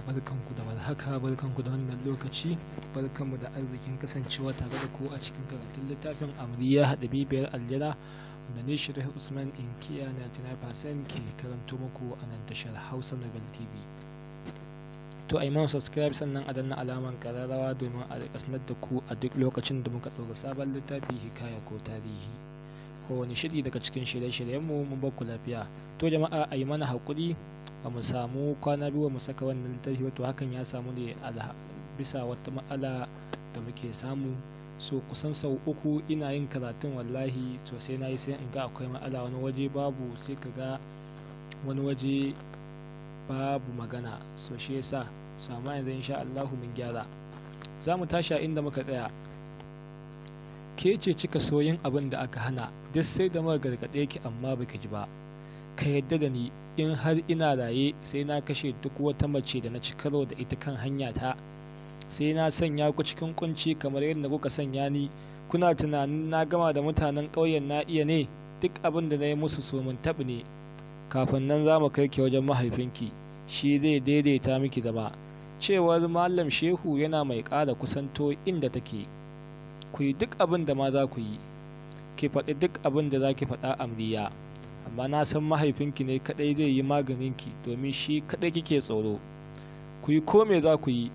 barkanku da warhaka barkanku da wannan lokaci barkanmu da arzikin kasancewa tare da ku a cikin karatun littafin amriya haɗa bibiyar aljira da ni shirin usman inkiya 99% ke karanto muku a nan tashar hausa nobel tv to a iman subscribe sannan a danna alamar kararrawa domin a sanar da ku a duk lokacin da muka ɗora sabon littafi hikaya ko tarihi kowane shiri daga cikin shirye-shiryenmu mun ku lafiya to jama'a a yi mana haƙuri ba mu samu kwana biyu mu saka wannan littafi wato hakan ya samu ne bisa wata matsala da muke samu so kusan sau uku ina yin karatun wallahi to sai na yi sai in ga akwai matsala wani waje babu sai ka ga wani waje babu magana so shi yasa so amma yanzu insha Allahu mun gyara za mu tashi inda muka tsaya ke ce cika soyin abin da aka hana duk sai da muka gargaɗe ki amma baki ji ba ka yadda da ni in har ina raye sai na kashe duk wata mace da na ci karo da ita kan hanya ta sai na sanya ku cikin kunci kamar yadda kuka sanya ni kuna tunanin na gama da mutanen ƙauyen na iya ne duk abin da na yi musu mun taɓa ne kafin nan za mu kai ki wajen mahaifinki shi zai daidaita miki zama cewar malam shehu yana mai ƙara kusanto inda take ku yi duk abin da ma za ku yi ki faɗi duk abin da za ki faɗa amriya amma na san mahaifinki ne kadai zai yi maganinki domin shi kadai kike tsoro ku yi ko me za ku yi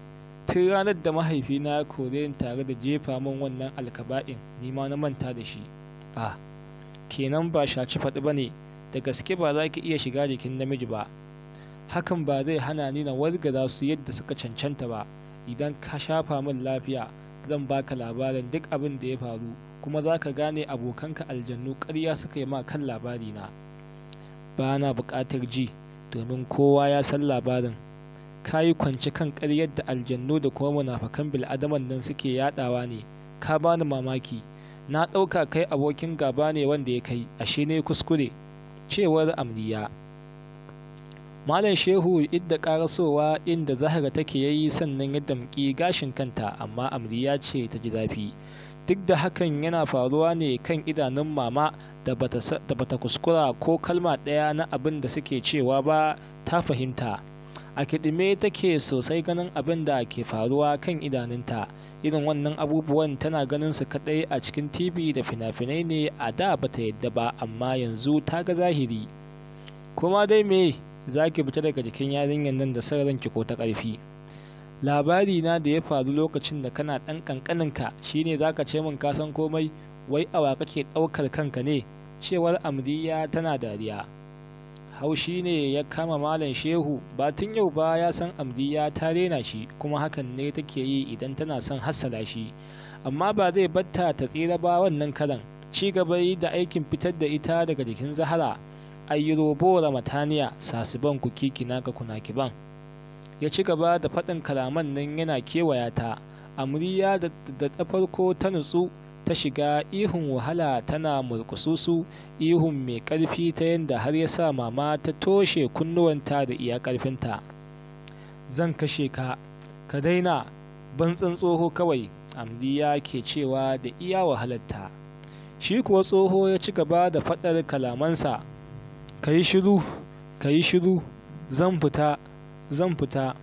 tun ranar da mahaifina ya kore ni tare da jefa min wannan alkaba'in ni ma na manta da shi a kenan ba shaci faɗi ba ne da gaske ba za ki iya shiga jikin namiji ba hakan ba zai hana ni na wargaza su yadda suka cancanta ba idan ka shafa min lafiya zan baka labarin duk abin da ya faru kuma za ka gane abokanka aljannu karya suka yi ma kan labari na. ba na buƙatar ji domin kowa ya san labarin ka yi kwance kan karyar da aljannu da kuma munafakan bil'adaman nan suke yaɗawa ne ka bani mamaki na ɗauka kai abokin gaba ne wanda ya kai ashe ne kuskure cewar amriya malam shehu idda karasowa inda zahara take yayi sannan ya damƙi gashin kanta amma amriya ce ta ji zafi duk da hakan yana faruwa ne kan idanun mama da bata kuskura ko kalma ɗaya na abin da suke cewa ba ta fahimta a kiɗime take sosai ganin abin da ke faruwa kan idanunta irin wannan abubuwan tana ganin su kaɗai a cikin tv da fina-finai ne a da bata yadda ba amma yanzu ta ga zahiri kuma dai me za ki fita daga jikin yarinyar nan da son ranki ko ta ƙarfi labari na da ya faru lokacin da kana ɗan ƙanƙaninka shine za ka ce min ka san komai wai awa kake ɗaukar kanka ne cewar amriya tana dariya haushi ne ya kama malam shehu ba tun yau ba ya san amriya ta rena shi kuma hakan ne take yi idan tana son hassala shi amma ba zai batta ta tsira ba wannan karan ci gaba da aikin fitar da ita daga jikin zahara ayyurobo ramataniya sasiban ku kikina ka ban. ya ci gaba da faɗin kalaman nan yana kewaya ta amriya da ta farko ta nutsu ta shiga ihun wahala tana murkususu ihun mai ƙarfi ta yadda har ya sa mama ta toshe kunnuwanta da iya ƙarfinta zan kashe ka ka daina ban tsoho kawai Amuriya ke cewa da iya wahalarta shi kuwa tsoho ya ci gaba da faɗar kalamansa ka yi shiru ka yi shiru zan fita zan fita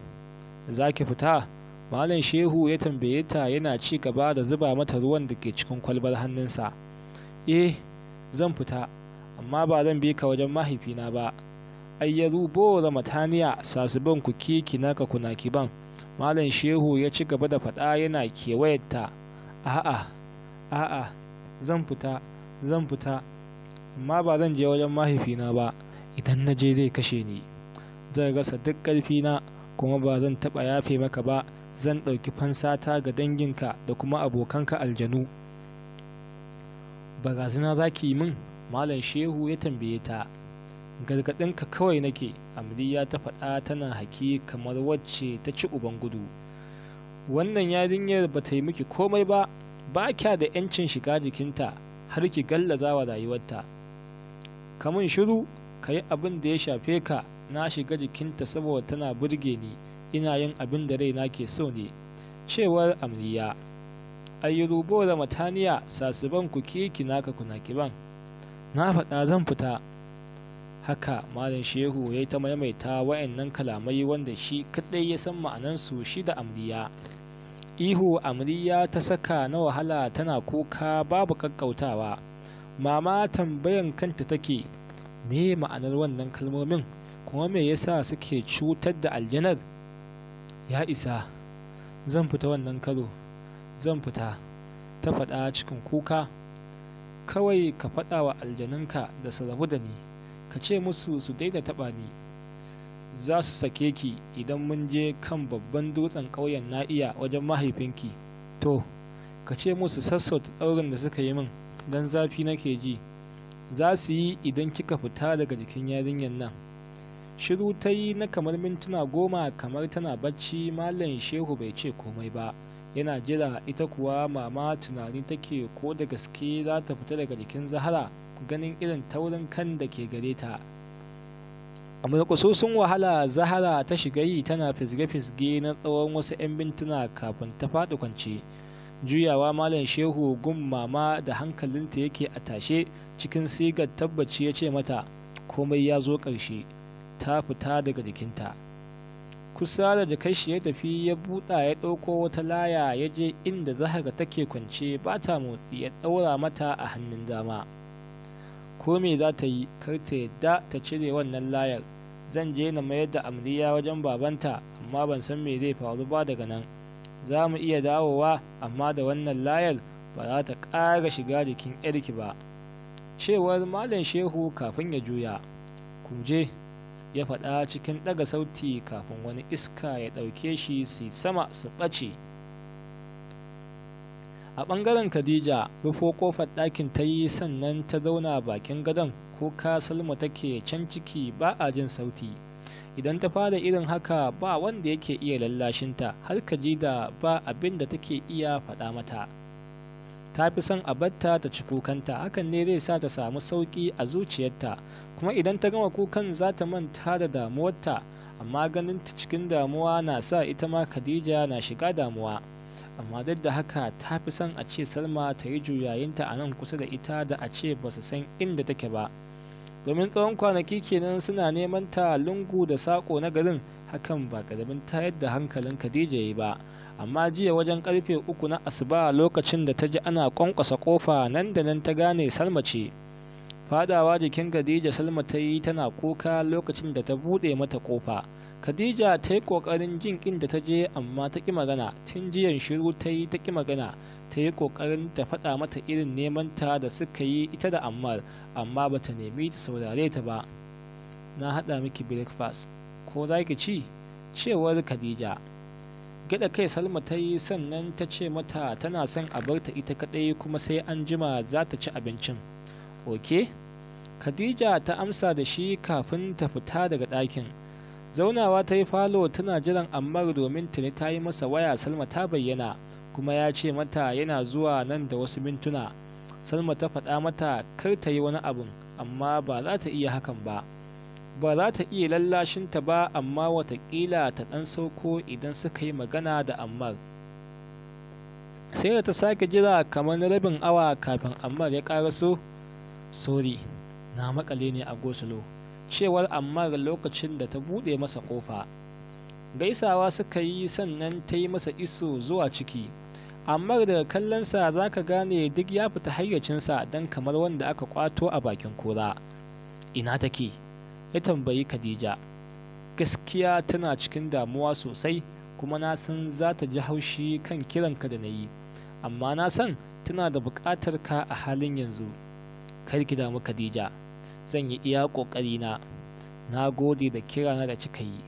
za ki fita malam shehu ya tambaye ta yana ci gaba da zuba mata ruwan da ke cikin kwalbar hannunsa eh zan fita amma ba zan bi ka wajen mahaifina ba ayyaru bora mataniya sasuban ku kiki naka kuna kiban malam shehu ya ci gaba da faɗa yana kewayarta a'a a'a zan fita zan fita amma ba zan je wajen mahaifina ba idan na je zai kashe ni zan rasa duk ƙarfina kuma ba zan taɓa yafe maka ba zan ɗauki fansata ga danginka da kuma abokanka aljanu barazana za ki yi min malam shehu ya tambaye ta gargaɗinka kawai nake amriya ta faɗa tana haki kamar wacce ta ci uban gudu wannan yarinyar ba ta yi miki komai ba ba kya da 'yancin shiga jikinta har ki gallaza wa rayuwarta kamun shiru ka yi abin da ya shafe ka na shiga jikinta saboda tana burge ni ina yin abin da raina ke so ne cewar amriya rubo da mataniya sasiban ku keki naka kuna kiban na faɗa zan fita haka malam shehu ya yi ta maimaita wa'annan kalamai wanda shi kaɗai ya san ma'anansu shi da amriya ihu amriya ta saka na wahala tana kuka babu kakkautawa mama tambayan kanta take me ma'anar wannan kalmomin kuma me yasa suke cutar da aljanar ya isa zan fita wannan karo zan fita ta faɗa cikin kuka kawai ka faɗa wa aljanunka da su rabu da ni ka ce musu su daida taɓa ni za su sake ki idan mun je kan babban dutsen ƙauyen na iya wajen mahaifinki to ka ce musu sassauta ɗaurin da suka yi min don zafi nake ji za su yi idan kika fita daga jikin yarinyar nan Shiru ta yi na kamar mintuna goma kamar tana bacci Malam Shehu bai ce komai ba. Yana jira ita kuwa mama tunani take ko da gaske za ta fita daga jikin Zahara ganin irin taurin kan da ke gare ta. A wahala Zahara ta shiga yi tana fisge-fisge na tsawon wasu 'yan mintuna kafin ta faɗi kwance. Juyawa Malam Shehu gun mama da hankalinta yake a tashe cikin sigar tabbaci ya ce mata komai ya zo ƙarshe. ta fita daga jikinta kusa da jakar ya tafi ya buɗa ya ɗauko wata laya ya je inda zahara take kwance ba ta motsi ya ɗaura mata a hannun dama ko me za ta yi kar ta yadda ta cire wannan layar zan je na mayar da amriya wajen babanta amma ban san me zai faru ba daga nan za mu iya dawowa amma da wannan layar ba za ta ƙara shiga jikin yarki ba cewar malam shehu kafin ya juya kuje ya faɗa cikin ɗaga sauti kafin wani iska ya ɗauke shi su sama su ɓace a ɓangaren khadija rufo ƙofar ɗakin ta yi sannan ta zauna bakin gadon ko ka salma take can ciki ba a jin sauti idan ta fara irin haka ba wanda yake iya lallashinta har khadija ba abin da take iya faɗa mata ta fi son a batta ta ci kukanta hakan ne zai sa ta samu sauki a zuciyarta kuma idan ta gama kukan za ta manta da damuwarta amma ganin ta cikin damuwa na sa ita ma khadija na shiga damuwa amma duk da haka ta fi son a ce salma ta yi juyayinta a nan kusa da ita da a ce ba su san inda take ba domin tsawon kwanaki kenan suna neman ta lungu da saƙo na garin hakan ba ƙaramin tayar da hankalin khadija yi ba amma jiya wajen karfe uku na asuba lokacin da ta ji ana kwankwasa kofa nan da nan ta gane salma ce fadawa jikin khadija salma ta yi tana kuka lokacin da ta buɗe mata kofa khadija ta yi ƙoƙarin jin ƙin da ta je amma ta ƙi magana tun jiyan shiru ta yi ta ƙi magana ta yi ƙoƙarin ta faɗa mata irin neman ta da suka yi ita da ammar amma ba ta nemi ta saurare ta ba na haɗa miki breakfast ko za ki ci cewar khadija Gada kai salma ta yi sannan ta ce mata tana son a barta ita kadai kuma sai an jima za ta ci abincin ok khadija ta amsa da shi kafin ta fita daga ɗakin zaunawa ta yi falo tana jiran ammar domin tuni ta yi masa waya salma ta bayyana kuma ya ce mata yana zuwa nan da wasu mintuna salma ta faɗa mata kar ta yi wani abun amma ba za ta iya hakan ba ba za ta iya lallashinta ba amma watakila ta ɗan sauko idan suka yi magana da ammar sai da ta sake jira kamar rabin awa kafin ammar ya ƙaraso sori na makale ne a gosulo cewar ammar lokacin da ta buɗe masa ƙofa gaisawa suka yi sannan ta yi masa iso zuwa ciki ammar daga kallonsa za ka gane duk ya fita hayyacinsa don kamar wanda aka kwato a bakin kura ina take ya tambayi Khadija. Gaskiya tana cikin damuwa sosai kuma na san za ta ji haushi kan kiranka da na yi, amma na san tana da buƙatar ka a halin yanzu. Kar ki damu Khadija, zan yi iya ƙoƙari Na gode da kirana da kika yi.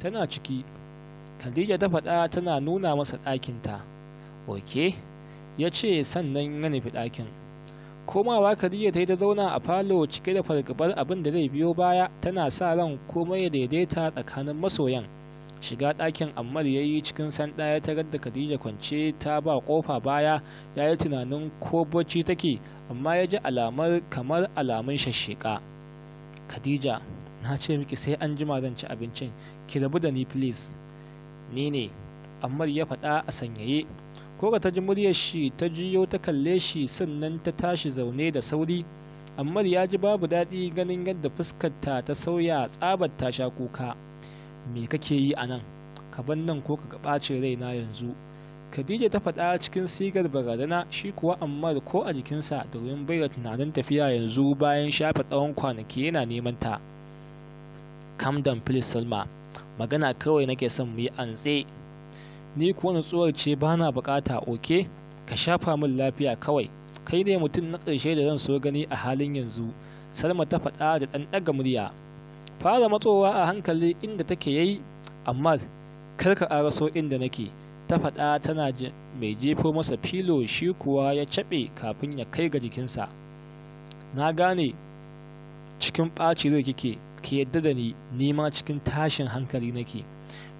Tana ciki, Khadija ta faɗa tana nuna masa ɗakin ta Oke, ya ce sannan ya nufi ɗakin. komawa kariya ta yi ta zauna a falo cike da fargabar abin da zai biyo baya tana sa ran komai ya daidaita tsakanin masoyan shiga ɗakin ammar ya yi cikin sanda ya tarar da khadija kwance ta ba kofa baya ya yi tunanin ko take amma ya ji alamar kamar alamun shashshika khadija na ce miki sai an jima zan ci abincin ki rabu da ni please ni ne ammar ya faɗa a sanyaye kora ta ji muryar shi ta jiyo ta kalle shi sannan ta tashi zaune da sauri amma ya ji babu daɗi ganin yadda fuskarta ta sauya tsabar ta sha kuka me kake yi a nan ka ban nan ko ka ɓacin raina yanzu khadija ta faɗa cikin sigar barazana shi kuwa amma ko a jikinsa domin bai da tunanin tafiya yanzu bayan shafe tsawon kwanaki yana neman ta Camden Phillips Salma magana kawai nake son mu yi antse ni kuwa natsuwar ce ba na bukata oke ka shafa min lafiya kawai kai ne mutum na ƙarshe da zan so gani a halin yanzu salma ta faɗa da ɗan ɗaga murya fara matsowa a hankali inda take yayi amma kar ka so inda nake ta faɗa tana mai jefo masa filo shi kuwa ya caɓe kafin ya kai ga jikinsa na gane cikin ɓaci rai kike ki yadda da ni nima cikin tashin hankali nake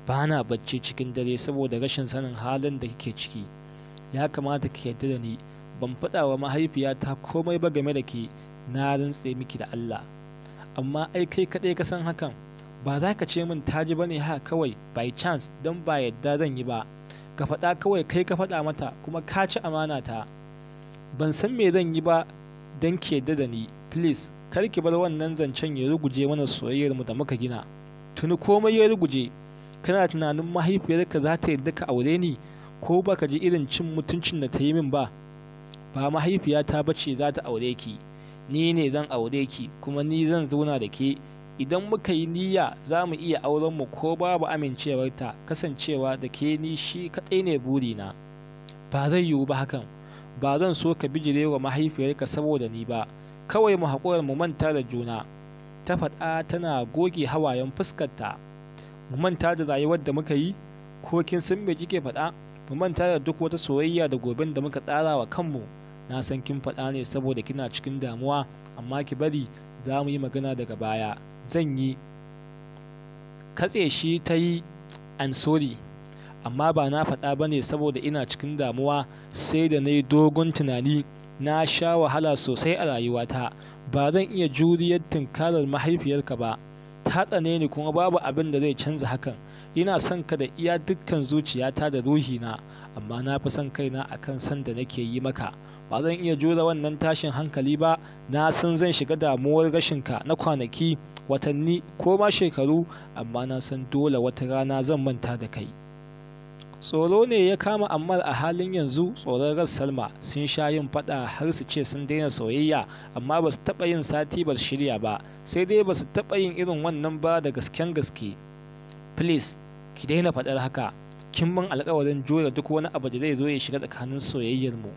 ba na bacci cikin dare saboda rashin sanin halin da kike ciki ya kamata ki yarda da ni ban faɗa wa mahaifiyata komai ba game da ke na rantse miki da Allah amma ai kai kaɗai ka san hakan ba za ka ce min ta ji ba ne ha kawai by chance don ba yadda zan yi ba ka faɗa kawai kai ka faɗa mata kuma ka ci amana ta ban san me zan yi ba don ki yarda da ni please kar ki bar wannan zancen ya ruguje mana soyayyar mu da muka gina tuni komai ya ruguje Kana tunanin mahaifiyarka za ta yarda ka aure ni ko ba ka ji irin cin mutuncin da ta yi min ba? Ba mahaifiyata ba ce za ta aure ki, ni ne zan aure ki kuma ni zan zauna da ke. Idan muka yi niyya za mu iya auren mu ko babu amincewarta kasancewa da ke ni shi kaɗai ne burina. Ba zai yiwu ba hakan, ba zan so ka bijire wa mahaifiyarka saboda ni ba, kawai mu haƙura mu manta da juna. Ta faɗa tana goge hawayen fuskarta. mu manta da rayuwar da muka yi ko kin san me kike faɗa mu manta da duk wata soyayya da goben da muka tsara wa kanmu na san kin faɗa ne saboda kina cikin damuwa amma ki bari za mu yi magana daga baya zan yi katse shi ta yi i'm sorry amma ba na faɗa ba ne saboda ina cikin damuwa sai da na yi dogon tunani na sha wahala sosai a rayuwata ba zan iya juriyar tunkarar mahaifiyarka ba ta tsane ni kuma babu abin da zai canza hakan ina son ka da iya dukkan zuciyata da ruhina amma na fi son kaina akan son da nake yi maka ba zan iya jure wannan tashin hankali ba na san zan shiga damuwar rashinka na kwanaki watanni ko ma shekaru amma na san dole wata rana zan manta da kai Tsoro ne ya kama Ammar a halin yanzu tsoron ras Salma sun sha yin fada har su ce sun daina soyayya amma ba su taɓa yin sati ba shirya ba sai dai ba su taɓa yin irin wannan ba da gasken gaske. Please ki daina faɗar haka kin bin alkawarin jure duk wani abu da zai zo ya shiga tsakanin soyayyar mu.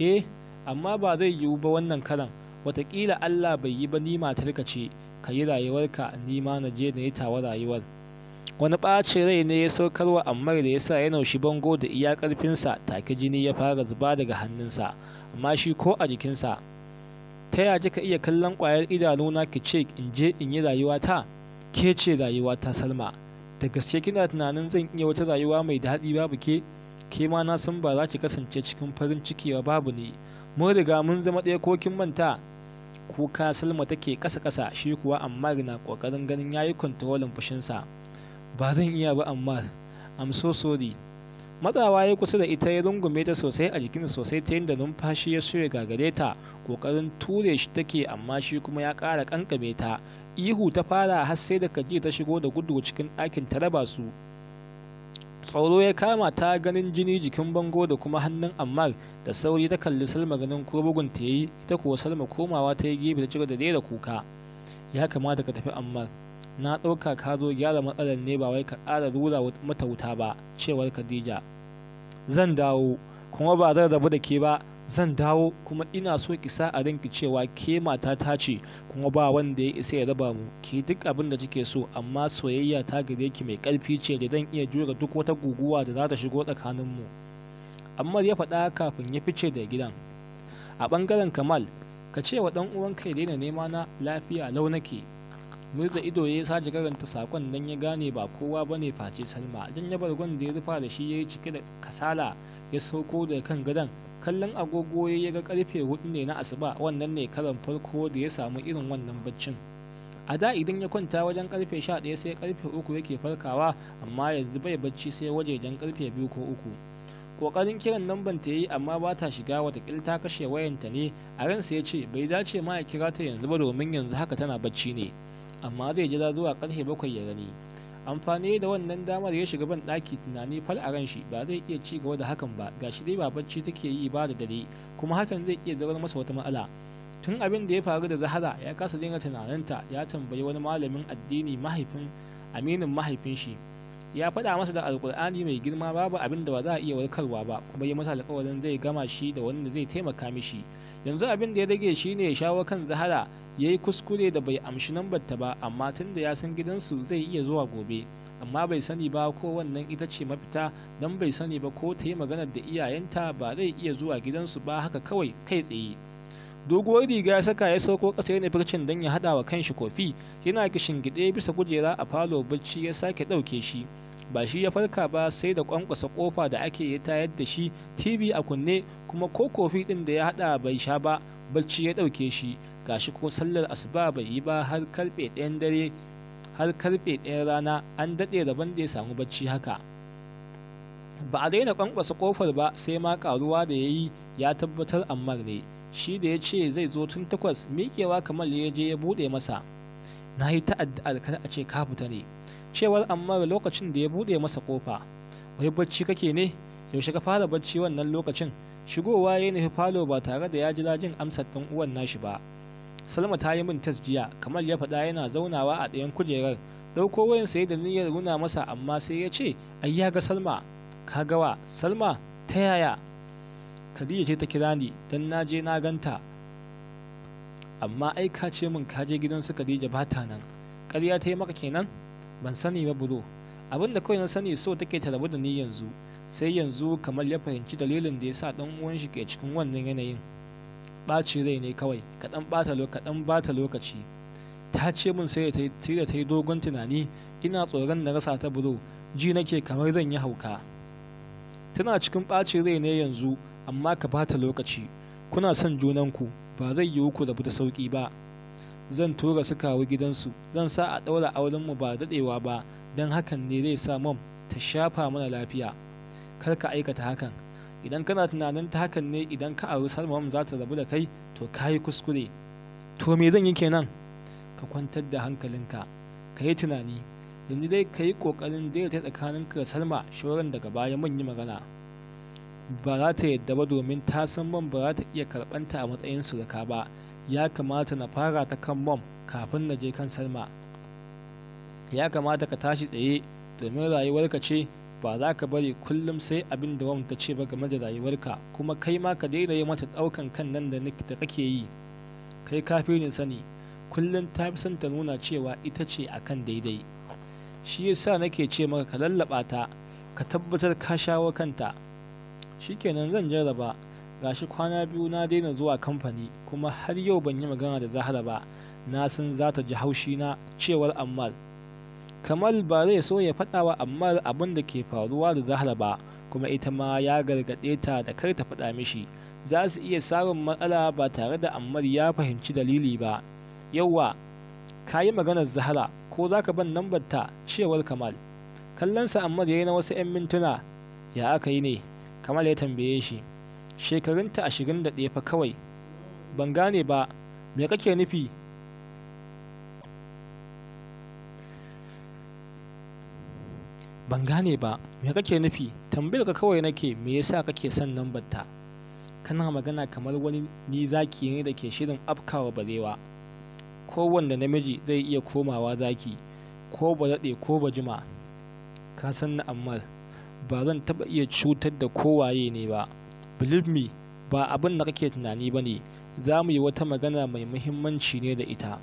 Eh amma ba zai yiwu ba wannan karan watakila Allah bai yi ba ni matarka ce ka yi rayuwarka ni ma na je na yi tawa rayuwar. wani ɓace rai ne ya saukarwa ammar da ya sa ya naushi bango da iya ƙarfinsa take jini ya fara zuba daga hannunsa amma shi ko a jikinsa ta ya kika iya kallon ƙwayar idanuna ki ce in je in yi rayuwata ke ce rayuwa ta salma da gaske kina tunanin zan iya wata rayuwa mai daɗi babu ke ke ma na san ba za ki kasance cikin farin ciki ba babu ne mun riga mun zama ɗaya ko kin manta kuka salma take ƙasa-ƙasa shi kuwa amma na ƙoƙarin ganin ya yi kwantarolin fushinsa ba zan iya ba amma I'm so sorry matsawa ya kusa da ita ya rungume ta sosai a jikin sosai ta yinda numfashi ya shirya gagare ta kokarin ture shi take amma shi kuma ya ƙara kankame ta ihu ta fara har sai da kaji ta shigo da gudu cikin ɗakin ta raba su tsoro ya kama ta ganin jini jikin bango da kuma hannun ammar da sauri ta kalli salma ganin ko bugun ta yi ita kuwa salma komawa ta yi gefe ta cigaba da rera kuka ya kamata ka tafi ammar na ɗauka ka zo gyara matsalar ne ba wai ka ƙara rura mata wuta ba cewar khadija zan dawo kuma ba zan rabu da ke ba zan dawo kuma ina so ki sa a rinki cewa ke mata ta ce kuma ba wanda ya isa ya raba mu ki duk abin da kike so amma soyayya ta gare ki mai ƙarfi ce da zan iya jure duk wata guguwa da za ta shigo tsakanin mu amma ya faɗa kafin ya fice da gidan a ɓangaren kamal ka ce wa ɗan uwanka ya daina nema na lafiya lau nake murza ido ya saji karanta sakon dan ya gane ba kowa bane face salma dan ya bargon da ya rufa da shi yayi cike da kasala ya sauko da kan gadon kallon agogo ya ga karfe hudu ne na asuba wannan ne karan farko da ya samu irin wannan baccin a da idan ya kwanta wajen karfe 11 sai karfe uku yake farkawa amma yanzu bai bacci sai waje wajejen karfe biyu ko uku kokarin kiran ban ta yi amma ba ta shiga watakil ta kashe wayanta ne a ransa ya ce bai dace ma ya kira ta yanzu ba domin yanzu haka tana bacci ne amma zai jira zuwa karfe bakwai ya gani amfani da wannan damar ya shiga ban daki tunani fal a ran shi ba zai iya ci gaba da hakan ba ga shi dai ba bacci take yi ba da dare kuma hakan zai iya zaurar masa wata matsala tun abin da ya faru da zahara ya kasa dinga tunaninta ya tambayi wani malamin addini mahaifin aminin mahaifin shi ya faɗa masa da alkur'ani mai girma babu abin da ba za a iya warkarwa ba kuma ya masa alkawarin zai gama shi da wanda zai taimaka mishi yanzu abin da ya rage shine ya shawo kan zahara ya yi kuskure da bai amshi nambar ta ba amma tun da ya san gidansu zai iya zuwa gobe amma bai sani ba ko wannan ita ce mafita don bai sani ba ko ta yi maganar da iyayenta ba zai iya zuwa gidansu ba haka kawai kai tsaye doguwar riga ya saka ya sauko ƙasa yana fircin don ya haɗa wa kanshi kofi yana gide bisa kujera a falo bacci ya sake ɗauke shi ba shi ya farka ba sai da kwankwasa kofa da ake ya tayar da shi tv a kunne kuma ko kofi ɗin da ya haɗa bai sha ba bacci ya ɗauke shi gashi ko sallar asuba bai yi ba har karfe ɗayan dare har karfe ɗayan rana an daɗe rabon da ya samu bacci haka ba a daina kwankwasa kofar ba sai ma karuwa da ya yi ya tabbatar ammar ne shi da ya ce zai zo tun takwas miƙewa kamar ya je ya buɗe masa na yi ta'adda kar a ce ka fita ne cewar ammar lokacin da ya buɗe masa kofa wai bacci kake ne yaushe ka fara bacci wannan lokacin shigowa ya nufi falo ba tare da ya jira jin amsar ɗan uwan nashi ba salma ta yi min tas jiya kamal ya faɗa yana zaunawa a ɗayan kujerar ɗauko wayan sai da niyyar nuna masa amma sai ya ce ai ya ga salma ka gawa salma ta yaya khadija ce ta kira ni dan na je na ganta amma ai ka ce min ka je gidan su khadija ba ta nan ƙarya ta yi maka kenan ban sani ba buro abin da kawai na sani so take ta rabu da ni yanzu sai yanzu kamar ya fahimci dalilin da ya sa ɗan uwan shi ke cikin wannan yanayin ɓaci rai ne kawai kaɗan ɓata kaɗan bata lokaci ta ce min sai da ta yi dogon tunani ina tsoron na rasa ta buro ji ke kamar zan yi hauka tana cikin ɓacin rai ne yanzu amma ka bata lokaci kuna son junanku ba zai yiwu ku rabu da sauƙi ba zan tura su kawo gidansu zan sa a ɗaura auren mu ba daɗewa ba don hakan ne zai sa mom ta shafa mana lafiya kar ka aikata hakan idan kana tunanin ta hakan ne idan ka auri salma za ta rabu da kai to ka yi kuskure to me zan yi kenan ka kwantar da hankalinka ka yi tunani yanzu dai ka yi ƙoƙarin ta tsakaninka da salma shawaran daga baya mun yi magana ba za ta yadda ba domin ta san mom ba za ta iya karɓanta a matsayin suraka ba ya kamata na fara ta kan mom kafin na je kan salma ya kamata ka tashi tsaye domin rayuwar ka ce ba za ka bari kullum sai abin da ta ce ba game da rayuwarka kuma kai ma ka daina yi mata ɗaukan kan nan da kake yi kai kafi ne sani kullum ta fi son ta nuna cewa ita ce akan daidai shi yasa nake ce maka ka lallaba ta ka tabbatar ka shawo kanta shikenan zan jarraba gashi kwana biyu na daina zuwa kamfani kuma har yau ban yi magana da zahara ba na san za ta ji haushi na cewar ammar kamal ba zai so ya faɗa wa ammar abin da ke faruwa da zahra ba kuma ita ma ya gargaɗe ta da kar ta faɗa mishi za su iya samun matsala ba tare da ammar ya fahimci dalili ba yauwa ka yi maganar Zahra, ko za ka ban nambar ta cewar kamal kallonsa ammar ya yi na wasu 'yan mintuna ya aka yi ne kamal ya tambaye shi shekarunta ashirin da ɗaya fa kawai ban gane ba me kake nufi Ban gane ba, me kake nufi? Tambayar ka kawai nake me yasa kake son lambar ta? Kana magana kamar wani ni zaki ne da ke shirin afkawa barewa. Kowanne namiji zai iya komawa zaki, ko ba daɗe ko ba jima. Ka san na amma ba zan taɓa iya cutar da kowaye ne ba. Believe me, ba abin da kake tunani ba ne, za mu yi wata magana mai muhimmanci ne da ita.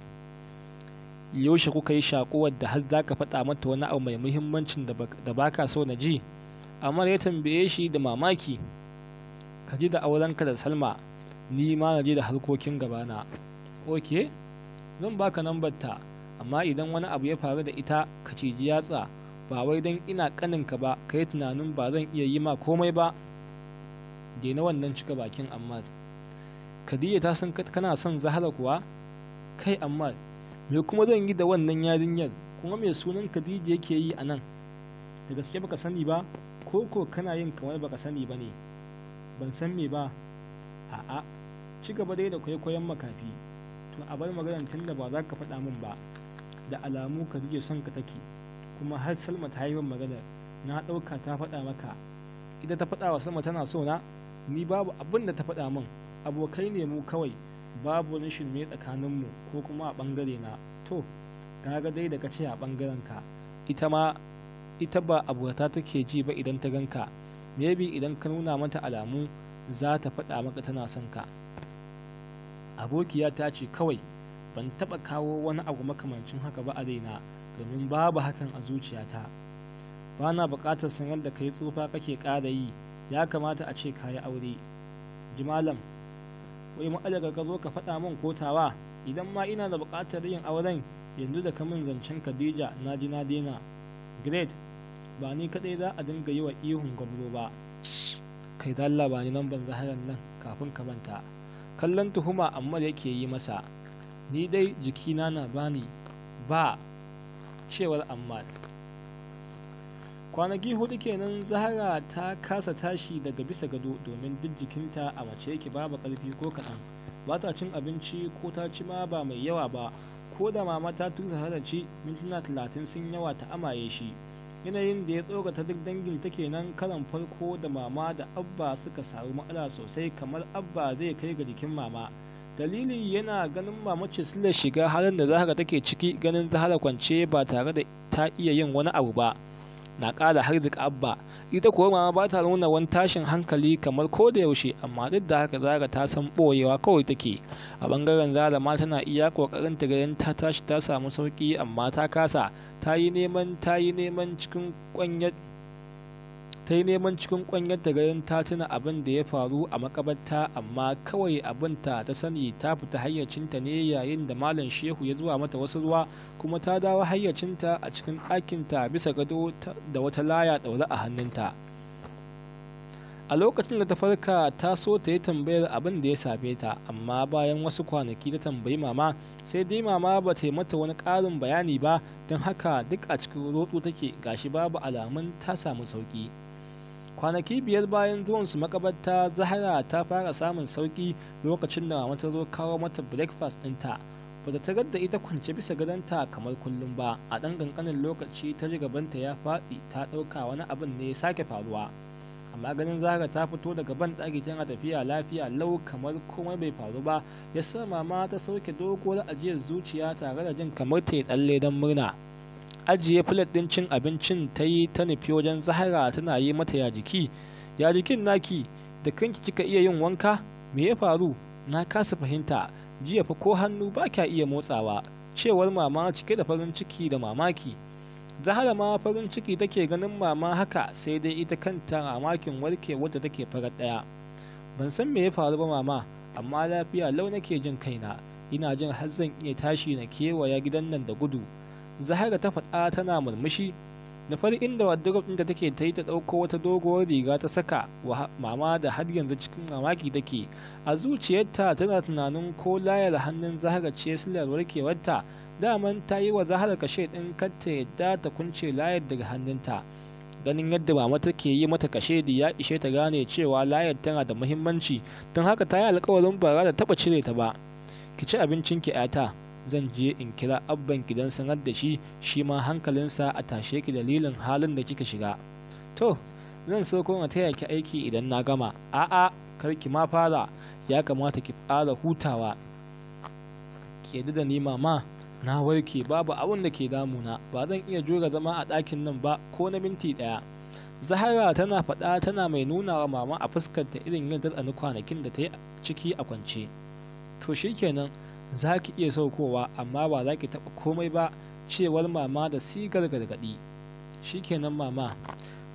yaushe kuka yi shakuwar da har zaka faɗa mata wani abu mai muhimmancin da baka so na ji amma ya tambaye shi da mamaki ka ji da aurenka da salma ni ma na ji da harkokin gabana ok zan baka nambar ta amma idan wani abu ya faru da ita ka ciji yatsa ba wai don ina kaninka ba ka yi tunanin ba zan iya yi ma komai ba na wannan cika bakin ammar kadiyya ta san kana son zahara kuwa kai ammar me kuma zan yi da wannan yarinyar kuma mai sunan khadija yake yi a nan da gaske baka sani ba ko ko kana yin kamar baka sani ba ne ban san me ba a'a ci gaba dai da kwaikwayon makafi to a bar maganar tun da ba za ka faɗa min ba da alamu khadija son ka take kuma har salma ta yi min maganar na ɗauka ta faɗa maka ita ta faɗa wa salma tana so na ni babu abin da ta faɗa min abokai ne mu kawai babu wani shirme tsakaninmu ko kuma a ɓangare na to ga dai da ka ce a ɓangaren ka ita ma ita ba abuwata take ji ba idan ta ganka maybe idan ka nuna mata alamu za ta faɗa maka tana son ka abokiya ta ce kawai ban taɓa kawo wani abu makamancin haka ba a raina domin babu hakan a zuciyata ba na buƙatar da ka kai tsufa kake ƙara yi ya kamata a ce ka yi aure malam. wai ma'alaga ka zo ka faɗa min kotawa idan ma ina da buƙatar yin auren yanzu da kamun zancen Khadija na ji na daina great ba ni kaɗai za a dinga yi wa ihun gwamno ba kai da Allah ba ni nan ban zaharan nan kafin ka manta kallon tuhuma amma yake yi masa ni dai jikina na bani ba cewar ammal kwanaki hudu kenan zahara ta kasa tashi daga bisa gado domin duk jikinta a mace yake babu karfi ko kaɗan ba ta cin abinci ko ta ci ma ba mai yawa ba ko da mama ta tursa ta ci mintuna talatin sun yawa ta amaye shi yanayin da ya tsorata duk dangin ta kenan karan farko da mama da abba suka samu matsala sosai kamar abba zai kai ga jikin mama dalili yana ganin mama ce silar shiga halin da zahara take ciki ganin zahara kwance ba tare da ta iya yin wani abu ba na ƙara harzika abba ita kuwa mama ba ta nuna wani tashin hankali kamar ko da yaushe amma duk da haka zara ta san ɓoyewa kawai take a ɓangaren zara ma tana iya ƙoƙarin ta ganin ta tashi ta samu sauƙi amma ta kasa ta yi neman ta yi neman cikin ƙwanyar ta yi neman cikin kwanyar ta garin ta tuna abin da ya faru a makabarta amma kawai abin ta ta sani ta fita hayyacinta ne yayin da malam shehu ya zuwa mata wasu ruwa kuma ta dawo hayyacinta a cikin ɗakinta bisa gado da wata laya ɗaure a hannunta a lokacin da ta farka ta so ta yi tambayar abin da ya same ta amma bayan wasu kwanaki ta tambayi mama sai dai mama ba ta yi mata wani ƙarin bayani ba don haka duk a cikin rotu take gashi babu alamun ta samu sauƙi kwanaki biyar bayan zuwan su makabarta zahara ta fara samun sauki lokacin da mata zo kawo mata breakfast ɗinta ba ta tarar da ita kwance bisa gadonta kamar kullum ba a ɗan ƙanƙanin lokaci ta ji gabanta ya faɗi ta ɗauka wani abin ne ya sake faruwa amma ganin zahara ta fito daga ban ɗaki tana tafiya lafiya lau kamar komai bai faru ba ya sa mama ta sauke doguwar ajiyar zuciya tare da jin kamar ta yi tsalle don murna ajiye filet ɗin cin abincin ta yi ta nufi wajen zahara tana yi mata ya jiki ya jikin naki da kanki kika iya yin wanka me ya faru na kasa fahimta jiya fa ko hannu ba kya iya motsawa cewar mama cike da farin ciki da mamaki zahara ma farin ciki take ganin mama haka sai dai ita kanta mamakin warke wadda take farar ɗaya ban san me ya faru ba mama amma lafiya lau nake jin kaina ina jin har zan iya tashi na kewaya gidan nan da gudu zahara ta faɗa tana murmushi da fari inda wardrobe ɗinta take ta yi ta ɗauko wata doguwar riga ta saka wa mama da har yanzu cikin mamaki take a zuciyarta tana tunanin ko layar hannun zahara ce silar warkewarta daman ta yi wa zahara kashe ɗin kanta yadda ta kunce layar daga hannunta ganin yadda mama take yi mata kashe da ya ishe ta gane cewa layar tana da muhimmanci don haka ta yi alkawarin bara ta taɓa cire ta ba ki ci abincinki 'yata zan je in kira abban gidan sanar da shi shi ma hankalinsa a tashe ki dalilin halin da kika shiga to zan so ko taya ki aiki idan na gama a'a kar ki ma fara ya kamata ki fara hutawa ke da ni mama na warke babu abun da ke damuna ba zan iya jura zama a ɗakin nan ba ko na minti ɗaya zahara tana faɗa tana mai nuna wa mama a fuskarta irin yadda tsani kwanakin da ta yi ciki a kwance to shikenan za ki iya saukowa amma ba za ki taɓa komai ba cewar mama da sigar gargaɗi Shi kenan mama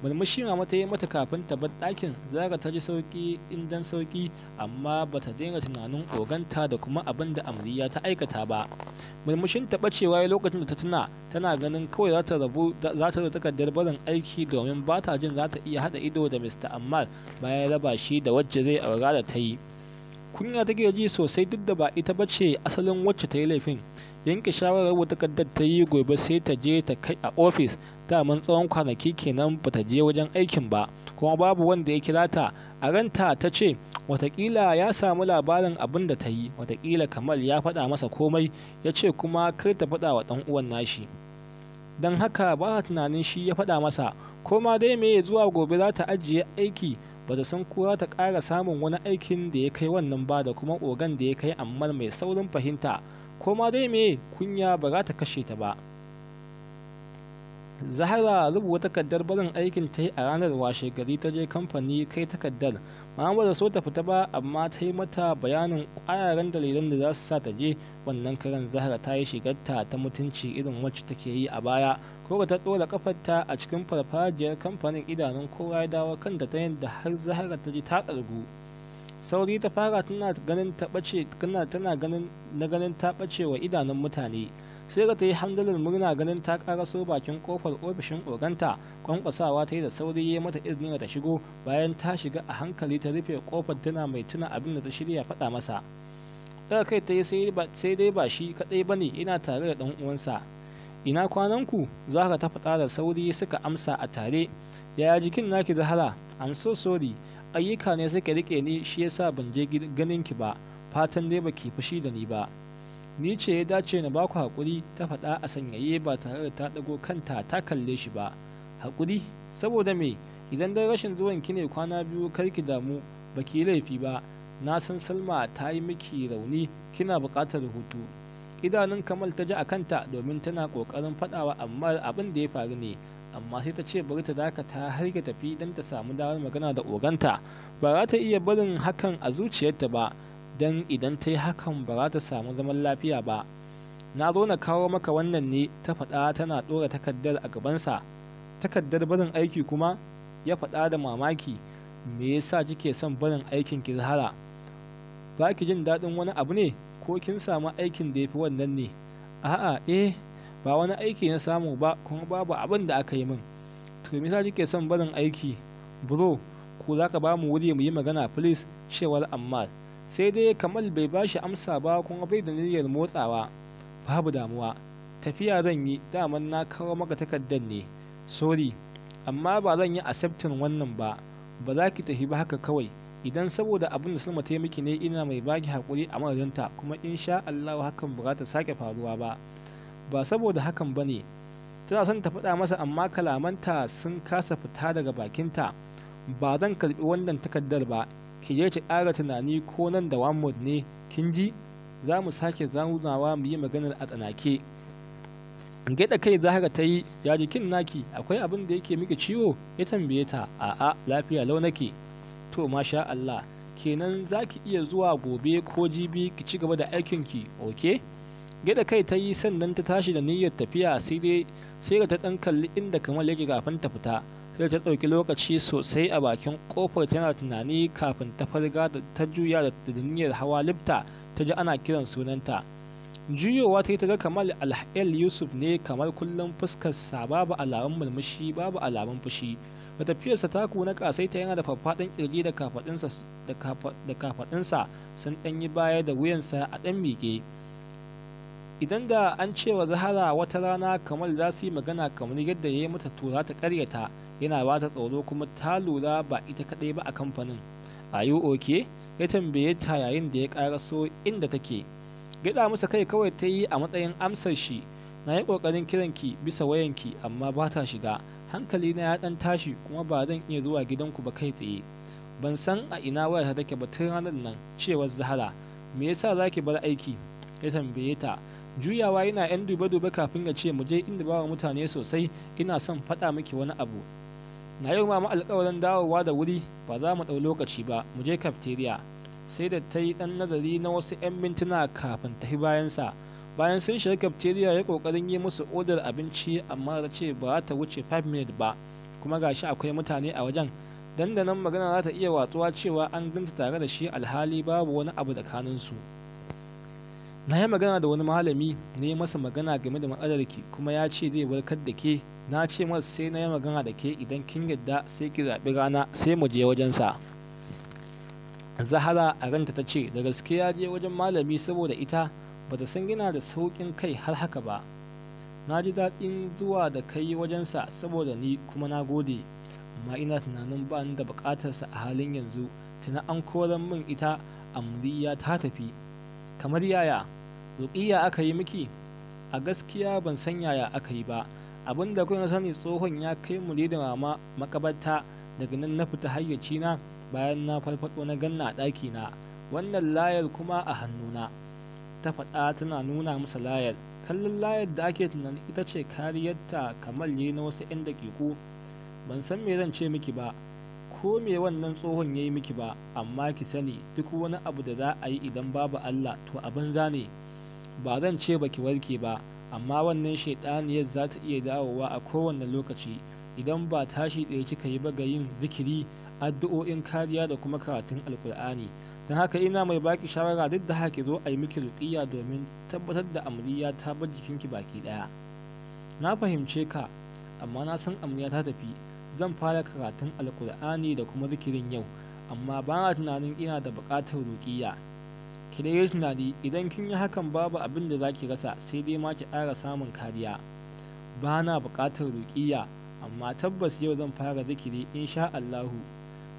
murmushi mama ta yi mata kafin ta bar ɗakin zara ta ji sauƙi in dan sauƙi amma ba ta daina tunanin oganta da kuma abin da amriya ta aikata ba murmushin ta ɓacewa ya lokacin da ta tuna tana ganin kawai za ta rabu za ta takardar barin aiki domin ba ta jin za ta iya haɗa ido da mr ammar bayan raba shi da wacce zai aura da ta yi kunya take ji sosai duk da ba ita ba ce asalin wacce ta yi laifin yanke shawarar wata kaddar ta yi gobe sai ta je ta kai a ofis daman tsawon kwanaki kenan ba ta je wajen aikin ba kuma babu wanda ya kira ta a ranta ta ce watakila ya samu labarin abin da ta yi watakila kamal ya faɗa masa komai ya ce kuma kar ta faɗa wa ɗan uwan nashi don haka ba tunanin shi ya faɗa masa ko ma dai me zuwa gobe za ta ajiye aiki ba ta san kowa ta kara samun wani aikin da ya kai wannan ba da kuma ogan da ya kai amma mai saurin fahimta ko ma dai me kunya ba za ta kashe ta ba zahara rubuta takardar barin aikin ta a ranar washe gari ta je kamfani kai takardar muhammadu so ta fita ba amma ta yi mata bayanin ƙwararren dalilan da za su sa ta je wannan karan zahara ta yi shigarta ta mutunci irin wacce take yi a baya ko ta ɗora kafarta a cikin farfajiyar kamfanin idanun kowa ya dawo kanta ta yadda har zahara ta ji ta ɗargu sauri ta fara tana ganin ta na ganin ta ɓace wa idanun mutane sai ga ta yi hamdalar murna ganin ta karaso bakin kofar ofishin oganta kwankwasawa ta yi da sauri ya mata da ta shigo bayan ta shiga a hankali ta rufe kofar tana mai tuna abin da ta shirya faɗa masa daga kai ta yi sai dai ba shi kaɗai ba ne yana tare da ɗan uwansa ina kwananku za ka ta faɗa da sauri suka amsa a tare yaya jikin naki zahara i'm so sorry ayyuka ne suka rike ni shi yasa ban je ganin ki ba fatan dai baki fushi da ni ba ni ce ya dace na baku Hakuri ta faɗa a sanyaye ba tare da ta ɗago kanta ta kalle shi ba haƙuri saboda me idan dai rashin zuwan ki ne kwana biyu kar ki damu baki laifi ba na san salma ta yi miki rauni kina buƙatar hutu idanun kamal ta ji a kanta domin tana ƙoƙarin faɗawa amma abin da ya faru ne amma sai ta ce bari ta dakata har ya tafi don ta samu damar magana da oganta ba za ta iya barin hakan a zuciyarta ba Dan idan ta yi hakan ba za ta samu zaman lafiya ba na zo na kawo maka wannan ne ta faɗa tana ɗora takardar a gabansa takardar barin aiki kuma ya faɗa da mamaki me yasa kike son barin aikin ki zahara ba ki jin daɗin wani abu ne ko kin samu aikin da yafi wannan ne a'a eh ba wani aiki na samu ba kuma babu abin da aka yi min to me yasa kike son barin aiki bro ko za ka ba mu wuri mu yi magana please cewar amma. sai dai kamal bai ba shi amsa ba kuma bai da niyyar motsawa babu damuwa tafiya zan yi daman na kawo maka takardar ne Sori. amma ba zan yi aseptin wannan ba ba za ki tafi ba haka kawai idan saboda abin da Salma ta miki ne ina mai baki hakuri a madadinta kuma sha Allah hakan ba za ta sake faruwa ba ba saboda hakan ba ne tana son ta faɗa masa amma kalamanta sun kasa fita daga bakinta ba zan karɓi wannan takardar ba ki je ki ƙara tunani ko nan da one ne kin ji za mu sake zaunawa mu yi maganar a tsanake gaɗa kai zahara ta yi ya jikin naki akwai abin da yake miki ciwo ya tambaye ta a'a lafiya lau nake to masha Allah kenan za ki iya zuwa gobe ko jibi ki ci gaba da aikin ki oke? Gyaɗa kai ta yi sannan ta tashi da niyyar tafiya sai dai sai ta ɗan kalli inda kamar yake kafin ta fita sai ta ɗauki lokaci sosai a bakin kofar tana tunani kafin ta farga da ta juya da duniyar hawa lifta ta ji ana kiran sunanta juyowa ta yi ta ga kamar alhel yusuf ne kamar kullum fuskarsa babu alamun murmushi babu alamun fushi da tafiyarsa taku na kasaita yana da faffaɗin kirgi da kafaɗinsa sun ɗanyi baya da wuyansa a ɗan miƙe idan da an ce wa zahara wata rana kamar za su yi magana kamar yadda ya yi mata tura ta karyata yana ba ta tsoro kuma ta lura ba ita kaɗai ba a kamfanin a yi oke ya tambaye ta yayin da ya so inda take gida masa kai kawai ta yi a matsayin amsar shi na yi ƙoƙarin kiranki bisa wayanki amma ba ta shiga hankali na ya ɗan tashi kuma ba zan iya zuwa gidanku ba kai tsaye ban san a ina wayata take ba tun ranar nan cewar zahara me yasa ki bar aiki ya tambaye ta juyawa yana yan dube-dube kafin ya ce mu je inda bawa mutane sosai ina son faɗa miki wani abu na yau ma alƙawarin dawowa da wuri ba za mu ɗau lokaci ba mu je cafeteria sai da ta yi ɗan nazari na wasu 'yan mintuna kafin ta bayan bayansa bayan sun shiga cafeteria ya ƙoƙarin yi musu odar abinci amma da ce ba ta wuce 5 minutes ba kuma gashi akwai mutane a wajen dandanan magana za ta iya watsuwa cewa an ganta tare da shi alhali babu wani abu kanin su na yi magana da wani malami na yi masa magana game da matsalar ki kuma ya ce zai warkar da ke na ce masa sai na yi magana da ke idan kin yadda sai ki zaɓi rana sai mu je wajensa zahara a ranta ta ce da gaske ya je wajen malami saboda ita ba ta san yana da sauƙin kai har haka ba na ji daɗin zuwa da kai wajensa saboda ni kuma na gode amma ina tunanin ba ni da sa a halin yanzu tana an koran min ita amriya ta tafi kamar yaya ruƙiya aka yi miki a gaskiya ban san yaya aka yi ba abin da sani tsohon ya kai mu da mama makabarta daga nan na fita hayyaci na bayan na farfaɗo na ganna a ɗaki na wannan layar kuma a hannuna ta faɗa tana nuna masa layar kallon layar da ake tunanin ita ce kariyarta kamar yi na wasu 'yan daƙiƙu ban san me zan ce miki ba ko me wannan tsohon ya yi miki ba amma ki sani duk wani abu da za a yi idan babu allah to a banza ne ba zan ce baki warke ba amma wannan shaidaniyar za ta iya dawowa a kowane lokaci idan ba tashi ɗaya kika yi ba ga yin zikiri addu'o'in kariya da kuma karatun alkur'ani don haka ina mai baki shawara duk da haka zo a yi miki ruƙiyya domin tabbatar da amriya ta bar jikinki baki ɗaya na fahimce ka amma na san amriya ta tafi zan fara karatun alkur'ani da kuma zikirin yau amma ba na tunanin ina da buƙatar ruƙiyya Ki tunani idan kin yi hakan babu abin da za ki rasa sai dai ma ki ƙara samun kariya. Ba na buƙatar ruƙiyya amma tabbas yau zan fara zikiri insha Allahu.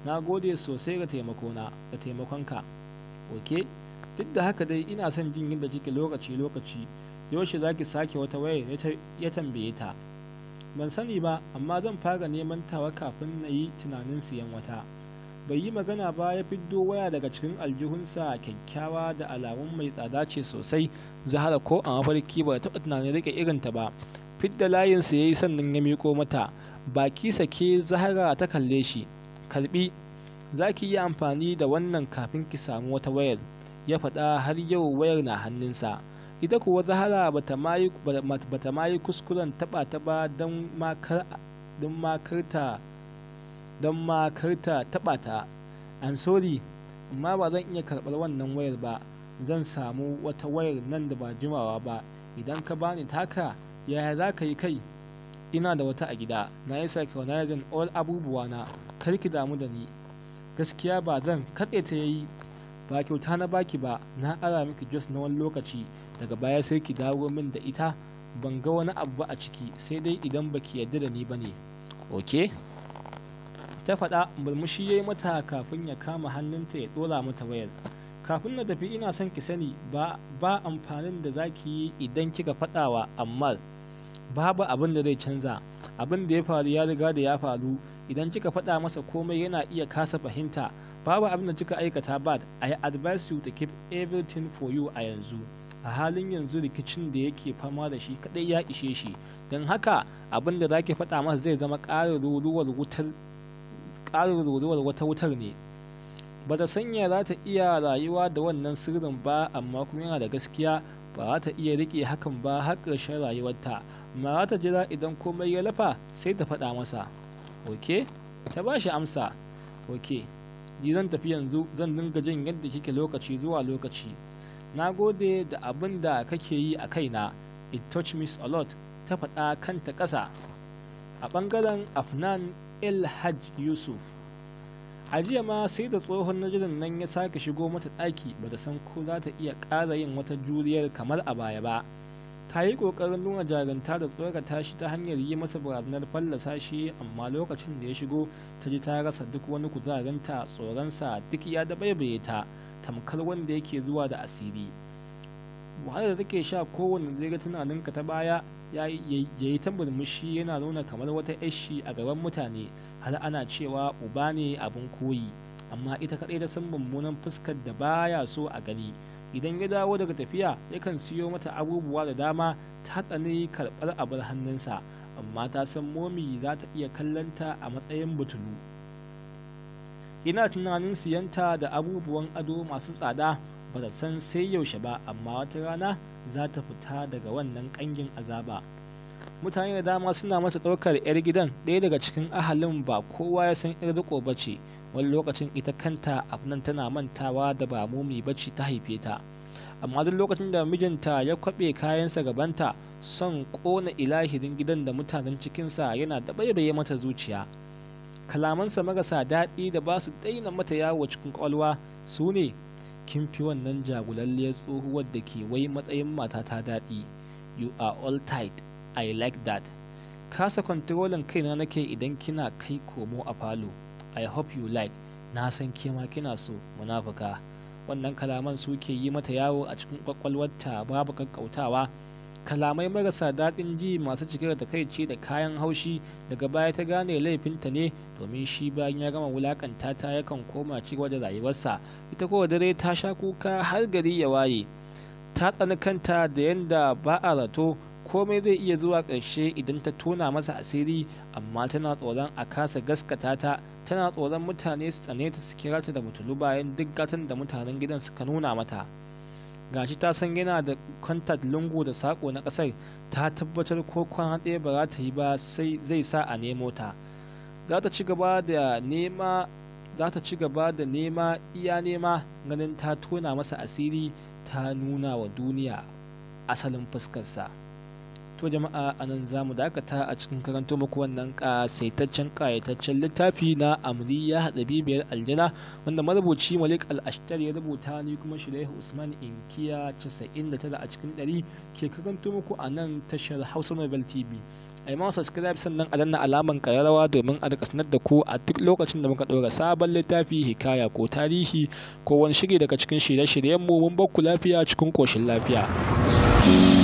Na gode sosai ga taimakona da taimakonka. ok duk da haka dai ina son jin yadda kike lokaci-lokaci. Yaushe zaki sake wata wayar ya tambaye ta. Ban sani ba amma zan fara neman tawa kafin na yi tunanin siyan wata. bai yi magana ba ya fiddo waya daga cikin aljihunsa kyakkyawa da alamun mai tsada ce sosai zahara ko a mafarki ba taɓa tunanin rike irinta ba fidda layinsa ya yi sannan ya miko mata baki sake zahara ta kalle shi karbi za ki yi amfani da wannan kafin ki samu wata wayar ya faɗa har yau wayar na hannunsa ita kuwa zahara bata ma yi kuskuren taɓa ta ba don makarta don ma kar ta taɓa ta I'm sorry amma ba zan iya karɓar wannan wayar ba zan samu wata wayar nan da ba jimawa ba idan ka bani taka yaya za ka yi kai ina da wata a gida na yi synchronizing all abubuwa na kar ki damu da ni gaskiya ba zan katse ta yayi ba kyauta na baki ba na ara miki jos na wani lokaci daga baya sai ki dawo min da ita ban ga wani abu ba a ciki sai dai idan baki yarda da ni bane okay ta faɗa murmushi ya yi mata kafin ya kama hannunta ya ɗora mata wayar kafin na tafi ina son ki sani ba amfanin da zaki yi idan kika faɗawa amma babu abin da zai canza abin da ya faru ya riga da ya faru idan kika faɗa masa komai yana iya kasa fahimta babu abin da kika aikata bad i advise you to keep everything for you a yanzu a halin yanzu rikicin da yake fama da shi kadai ya ishe shi don haka abin da zaki faɗa masa zai zama ƙarin ruruwar wutar tsarin ruruwar wata wutar ne ba ta sanya za ta iya rayuwa da wannan sirrin ba amma kuma yana da gaskiya ba za ta iya riƙe hakan ba har ƙarshen rayuwarta amma za ta jira idan komai ya lafa sai ta faɗa masa ok ta ba shi amsa ok ni zan tafi yanzu zan dinga jin yadda kike lokaci zuwa lokaci na gode da abin da kake yi a kaina it touch me a lot ta faɗa kanta ƙasa a ɓangaren afnan ilhaj yusuf a jiya ma sai da tsohon najirin nan ya sake shigo mata ɗaki ba da san ko za ta iya ƙara yin wata juriyar kamar a baya ba ta yi ƙoƙarin nuna jarinta da tsorata shi ta hanyar yi masa barazanar fallasa shi amma lokacin da ya shigo ta ji ta rasa duk wani kuzarinta tsoronsa duk ya dabaibaye ta tamkar wanda yake zuwa da asiri wahalar da take sha kowane zai ga tunaninka ta baya ya yi ta murmushi yana nuna kamar wata yashi a gaban mutane har ana cewa uba ne abin koyi amma ita kaɗai ta san mummunan fuskar da baya so a gani idan ya dawo daga tafiya yakan siyo mata abubuwa da dama ta tsani karɓar abar hannunsa amma ta san momi za ta iya kallanta a matsayin butulu Ina tunanin siyanta da abubuwan ado masu tsada ba san sai yaushe ba amma wata rana za ta fita daga wannan kangin azaba mutane da dama suna mata ɗaukar 'yar gidan ɗaya daga cikin ahalin ba kowa ya san 'yar riko ba ce wani lokacin ita kanta nan tana mantawa da ba mumi ba ce ta haife ta amma duk lokacin da mijinta ya kwaɓe kayansa gabanta son ƙona ilahirin gidan da mutanen cikinsa yana bayyana mata zuciya kalamansa marasa daɗi da ba su daina mata yawo cikin ƙwalwa su ne kin fi wannan jagulalliyar tsohuwar da ke wai matsayin mata ta daɗi you are all tight i like that kasa kwantarolin kaina nake idan kina kai komo a falo i hope you like na san ke kina so munafuka wannan kalaman suke yi mata yawo a cikin kwakwalwarta babu kankautawa kalamai marasa daɗin ji masu cike da takaici da kayan haushi daga baya ta gane laifinta ne domin shi bayan ya gama wulakanta ta yakan koma ci gaba da rayuwarsa ita kowa dare ta sha kuka har gari ya waye ta tsani kanta da yadda ba a rato komai zai iya zuwa ƙarshe idan ta tona masa asiri amma tana tsoron a kasa gaskata ta tana tsoron mutane su tsane ta su kira ta da mutulu bayan duk gatan da mutanen gidan suka nuna mata gashi ta san yana da kwantat lungu da sako na kasar ta tabbatar ko kwan ɗaya ba za ta yi ba sai zai sa a nemo ta za ta ci gaba da nema za ta ci gaba da nema iya nema ganin ta tona masa asiri ta nuna wa duniya asalin fuskarsa. to jama'a a nan za mu dakata a cikin karanto muku wannan kasaitaccen kayataccen littafi na amriya haɗa bibiyar aljana wanda marubuci malik al-ashtar ya rubuta ni kuma shiraihu usman inkiya 99 a cikin 100 ke karanto muku a nan tashar hausa novel tv a yi subscribe sannan a danna alaman kararrawa domin a sanar da ku a duk lokacin da muka ɗora sabon littafi hikaya ko tarihi ko wani shiri daga cikin shirye shiryen mu mun bakku lafiya cikin koshin lafiya.